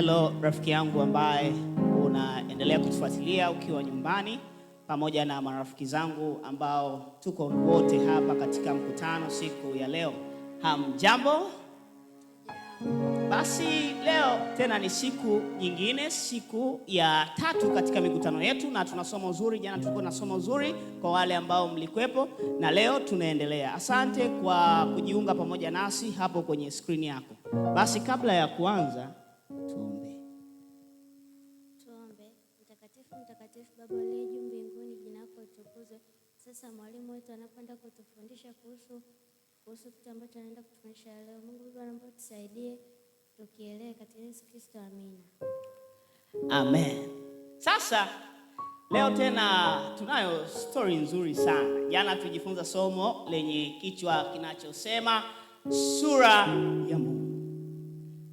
Hello rafiki yangu ambaye unaendelea kutufuatilia ukiwa nyumbani, pamoja na marafiki zangu ambao tuko wote hapa katika mkutano siku ya leo. Hamjambo? Basi leo tena ni siku nyingine, siku ya tatu katika mikutano yetu, na tunasoma uzuri. Jana tulikuwa tunasoma uzuri kwa wale ambao mlikuwepo, na leo tunaendelea. Asante kwa kujiunga pamoja nasi hapo kwenye skrini yako. Basi kabla ya kuanza Baba uliye juu mbinguni, jina lako litukuzwe. Sasa mwalimu wetu anakwenda kutufundisha kuhusu kuhusu kitu ambacho anaenda kutufundisha leo. Mungu Baba, naomba tusaidie tukielewe katika Yesu Kristo, amina. Amen. Sasa leo tena tunayo stori nzuri sana. Jana tujifunza somo lenye kichwa kinachosema sura ya Mungu.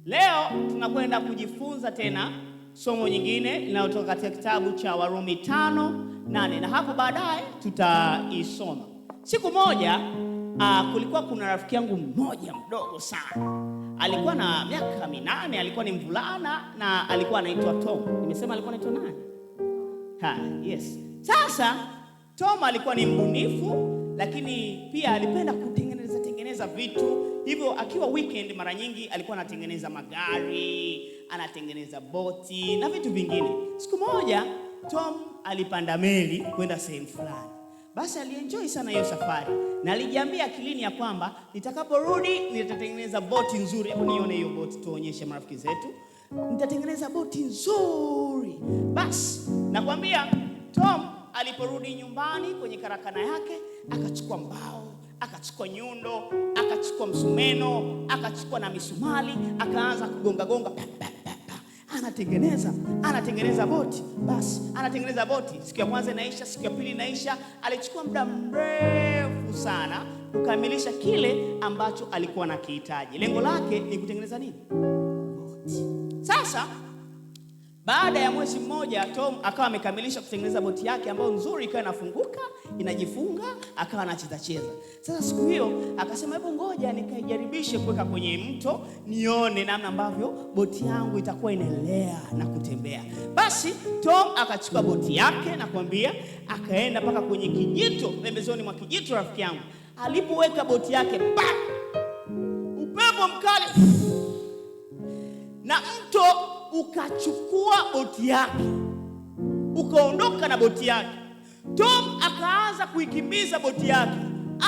Leo tunakwenda kujifunza tena somo nyingine linalotoka katika kitabu cha Warumi tano nane na hapo baadaye tutaisoma. Siku moja uh, kulikuwa kuna rafiki yangu mmoja mdogo sana, alikuwa na miaka minane, alikuwa ni mvulana na alikuwa anaitwa Tom. Nimesema alikuwa anaitwa nani? Ha, yes. Sasa Tom alikuwa ni mbunifu, lakini pia alipenda kutengeneza tengeneza vitu Hivyo akiwa weekend, mara nyingi alikuwa anatengeneza magari, anatengeneza boti na vitu vingine. Siku moja Tom alipanda meli kwenda sehemu fulani. Basi alienjoy sana hiyo safari na alijiambia akilini ya kwamba nitakaporudi nitatengeneza boti nzuri. Hebu nione hiyo boti, tuonyeshe marafiki zetu, nitatengeneza boti nzuri. Basi nakwambia Tom aliporudi nyumbani kwenye karakana yake akachukua mbao akachukua nyundo, akachukua msumeno, akachukua na misumali, akaanza kugonga gonga pa, pa, pa, pa. Anatengeneza, anatengeneza boti. Basi anatengeneza boti, siku ya kwanza inaisha, siku ya pili inaisha. Alichukua muda mrefu sana kukamilisha kile ambacho alikuwa nakihitaji. Lengo lake ni kutengeneza nini? Boti. Sasa baada ya mwezi mmoja, Tom akawa amekamilisha kutengeneza boti yake ambayo nzuri, ikawa inafunguka inajifunga, akawa anacheza cheza. Sasa siku hiyo akasema, hebu ngoja nikaijaribishe kuweka kwenye mto, nione namna ambavyo boti yangu itakuwa inaelea na kutembea. Basi Tom akachukua boti yake na kuambia, akaenda mpaka kwenye kijito, pembezoni mwa kijito, rafiki yangu alipoweka boti yake pa upepo mkali na mto ukachukua boti yake ukaondoka na boti yake. Tom akaanza kuikimbiza boti yake,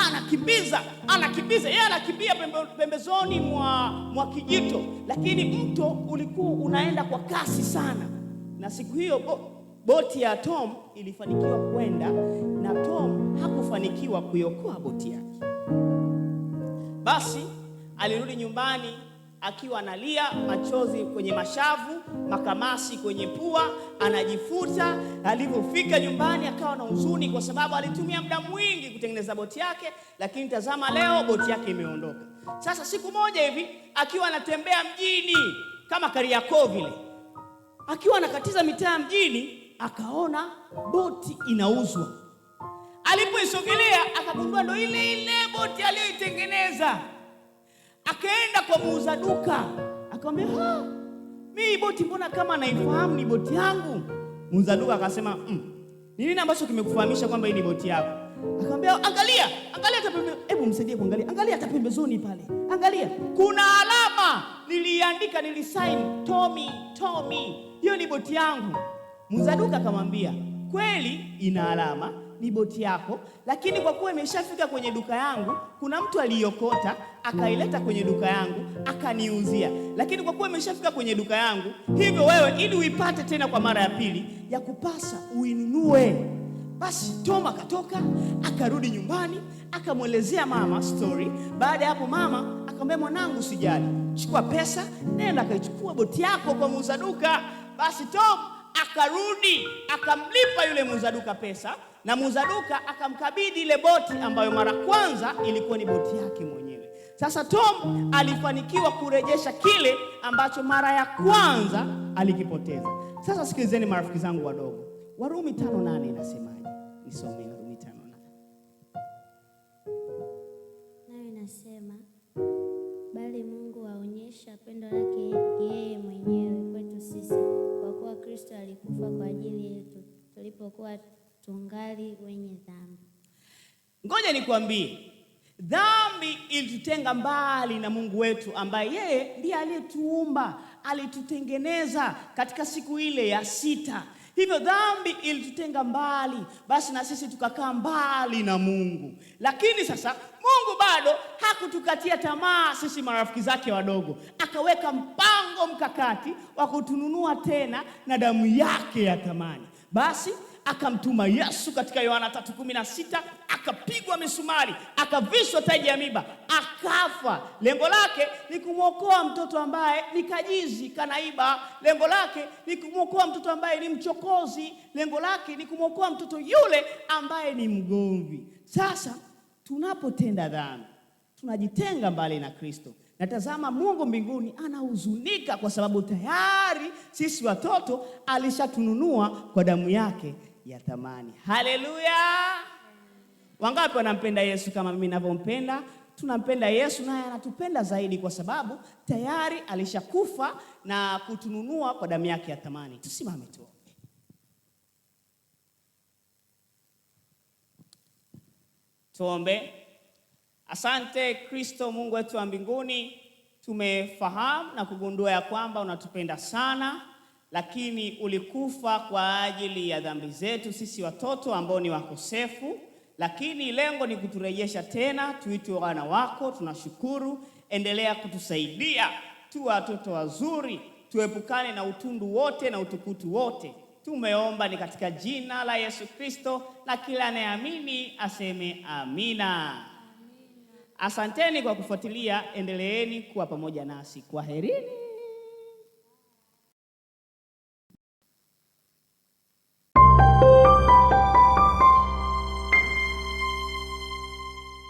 anakimbiza anakimbiza, yeye anakimbia pembe, pembezoni mwa, mwa kijito, lakini mto ulikuwa unaenda kwa kasi sana, na siku hiyo bo, boti ya Tom ilifanikiwa kwenda na Tom hakufanikiwa kuiokoa boti yake. Basi alirudi nyumbani akiwa analia, machozi kwenye mashavu, makamasi kwenye pua, anajifuta. Alipofika nyumbani, akawa na huzuni kwa sababu alitumia muda mwingi kutengeneza boti yake, lakini tazama, leo boti yake imeondoka. Sasa siku moja hivi, akiwa anatembea mjini kama Kariakoo vile, akiwa anakatiza mitaa mjini, akaona boti inauzwa. Alipoisogelea akagundua ndo ile ile boti aliyoitengeneza. Akaenda kwa muuza duka akamwambia, mimi boti mbona kama naifahamu ni boti yangu. Muuza duka akasema, mm, ni nini ambacho kimekufahamisha kwamba hii ni boti yako? Akamwambia, angalia, angalia hata hebu msaidie kuangalia, angalia hata pembezoni pale, angalia kuna alama niliandika, nilisaini Tommy, Tommy, hiyo ni boti yangu. Muuza duka akamwambia, kweli ina alama boti yako, lakini kwa kuwa imeshafika kwenye duka yangu, kuna mtu aliyokota akaileta kwenye duka yangu akaniuzia, lakini kwa kuwa imeshafika kwenye duka yangu, hivyo wewe ili uipate tena kwa mara ya pili, ya kupasa uinunue. Basi Tom akatoka akarudi nyumbani akamwelezea mama story. Baada ya hapo, mama akamwambia, mwanangu, sijali chukua pesa, nenda akaichukua boti yako kwa muuza duka. Basi Tom akarudi akamlipa yule muuza duka pesa na muuza duka akamkabidhi ile boti ambayo mara kwanza ilikuwa ni boti yake mwenyewe. Sasa Tom alifanikiwa kurejesha kile ambacho mara ya kwanza alikipoteza. Sasa sikilizeni marafiki zangu wadogo, Warumi tano nane inasemaje? Nisome Warumi tano nane nayo inasema bali Mungu aonyesha pendo lake yeye mwenyewe kwetu sisi, kwa kuwa Kristo alikufa kwa ajili yetu tulipokuwa tungali wenye dhambi. Ngoja nikwambie, dhambi ilitutenga mbali na Mungu wetu ambaye yeye ndiye aliyetuumba, alitutengeneza katika siku ile ya sita. Hivyo dhambi ilitutenga mbali, basi na sisi tukakaa mbali na Mungu. Lakini sasa Mungu bado hakutukatia tamaa sisi marafiki zake wadogo, akaweka mpango mkakati wa kutununua tena na damu yake ya thamani. Basi akamtuma Yesu katika Yohana 3:16, akapigwa misumari, akavishwa taji ya miba, akafa. Lengo lake ni kumwokoa mtoto ambaye ni kajizi, kanaiba. Lengo lake ni kumwokoa mtoto ambaye ni mchokozi. Lengo lake ni kumwokoa mtoto yule ambaye ni mgomvi. Sasa tunapotenda dhambi, tunajitenga mbali na Kristo. Natazama Mungu mbinguni anahuzunika kwa sababu tayari sisi watoto alishatununua kwa damu yake ya thamani. Haleluya! Wangapi wanampenda Yesu kama mimi ninavyompenda? Tunampenda Yesu naye anatupenda zaidi, kwa sababu tayari alishakufa na kutununua kwa damu yake ya thamani. Tusimame tu. Tuombe. Asante Kristo, Mungu wetu wa mbinguni, tumefahamu na kugundua ya kwamba unatupenda sana lakini ulikufa kwa ajili ya dhambi zetu sisi watoto ambao ni wakosefu, lakini lengo ni kuturejesha tena tuitwe wana wako. Tunashukuru, endelea kutusaidia tu watoto wazuri, tuepukane na utundu wote na utukutu wote. Tumeomba ni katika jina la Yesu Kristo, na kila anayeamini aseme amina. Asanteni kwa kufuatilia, endeleeni kuwa pamoja nasi. Kwaherini.